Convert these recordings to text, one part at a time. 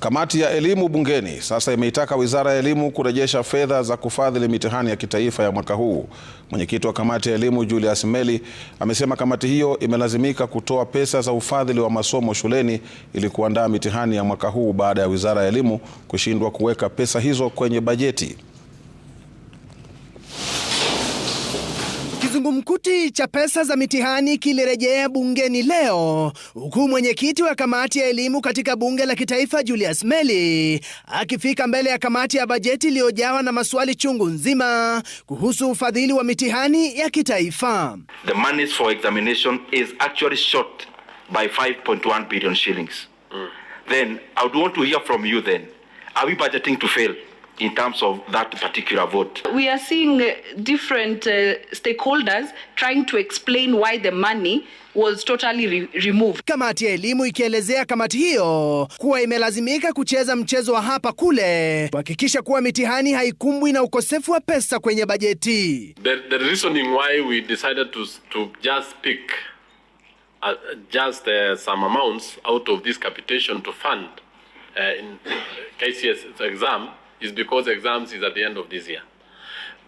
Kamati ya elimu bungeni sasa imeitaka Wizara ya Elimu kurejesha fedha za kufadhili mitihani ya kitaifa ya mwaka huu. Mwenyekiti wa kamati ya elimu Julius Meli amesema kamati hiyo imelazimika kutoa pesa za ufadhili wa masomo shuleni ili kuandaa mitihani ya mwaka huu baada ya Wizara ya Elimu kushindwa kuweka pesa hizo kwenye bajeti. Kizungumkuti cha pesa za mitihani kilirejea bungeni leo, huku mwenyekiti wa kamati ya elimu katika bunge la kitaifa Julius Meli akifika mbele ya kamati ya bajeti iliyojawa na maswali chungu nzima kuhusu ufadhili wa mitihani ya kitaifa. The money for examination is actually short by 5.1 billion shillings. Mm. Then I would want to hear from you then. Are we budgeting to fail? in terms of that particular vote. We are seeing uh, different uh, stakeholders trying to explain why the money was totally re removed. Kamati ya elimu ikielezea kamati hiyo kuwa imelazimika kucheza mchezo wa hapa kule kuhakikisha kuwa mitihani haikumbwi na ukosefu wa pesa kwenye bajeti. The, the reasoning why we decided to, to just pick uh, just uh, some amounts out of this capitation to fund uh, in uh, KCS exam is because exams is at the end of this year.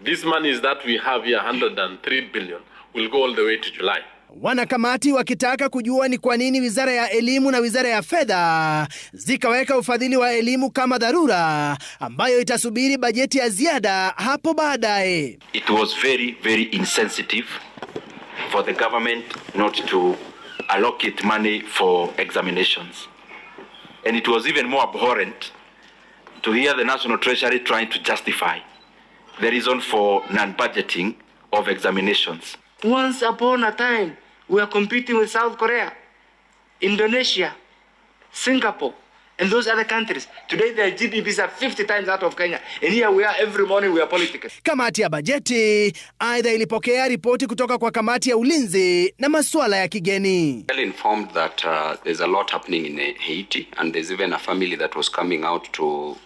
This money is that we have here, 103 billion, will go all the way to July. Wanakamati wakitaka kujua ni kwa nini wizara ya elimu na wizara ya fedha zikaweka ufadhili wa elimu kama dharura ambayo itasubiri bajeti ya ziada hapo baadaye. It was very very insensitive for the government not to allocate money for examinations and it was even more abhorrent to hear the National Treasury trying to justify the reason for non-budgeting of examinations. Once upon a time, we are competing with South Korea, Indonesia, Singapore, and those other countries. Today their GDPs are 50 times that of Kenya. And here we are every morning we are politics. Kamati ya bajeti either ilipokea ripoti kutoka kwa kamati ya ulinzi na masuala ya kigeni. Well informed that uh, there's a lot happening in eh, Haiti and there's even a family that was coming out to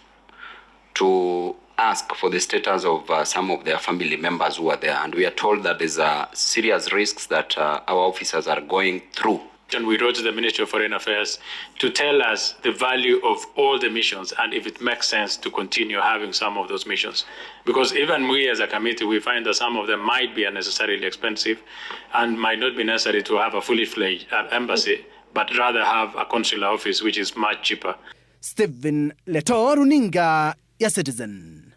to ask for the status of uh, some of their family members who are there and we are told that there's uh, serious risks that uh, our officers are going through and we wrote to the Ministry of Foreign Affairs to tell us the value of all the missions and if it makes sense to continue having some of those missions. Because even we as a committee, we find that some of them might be unnecessarily expensive and might not be necessary to have a fully fledged uh, embassy, but rather have a consular office, which is much cheaper. Stephen Leto, Runinga ya citizen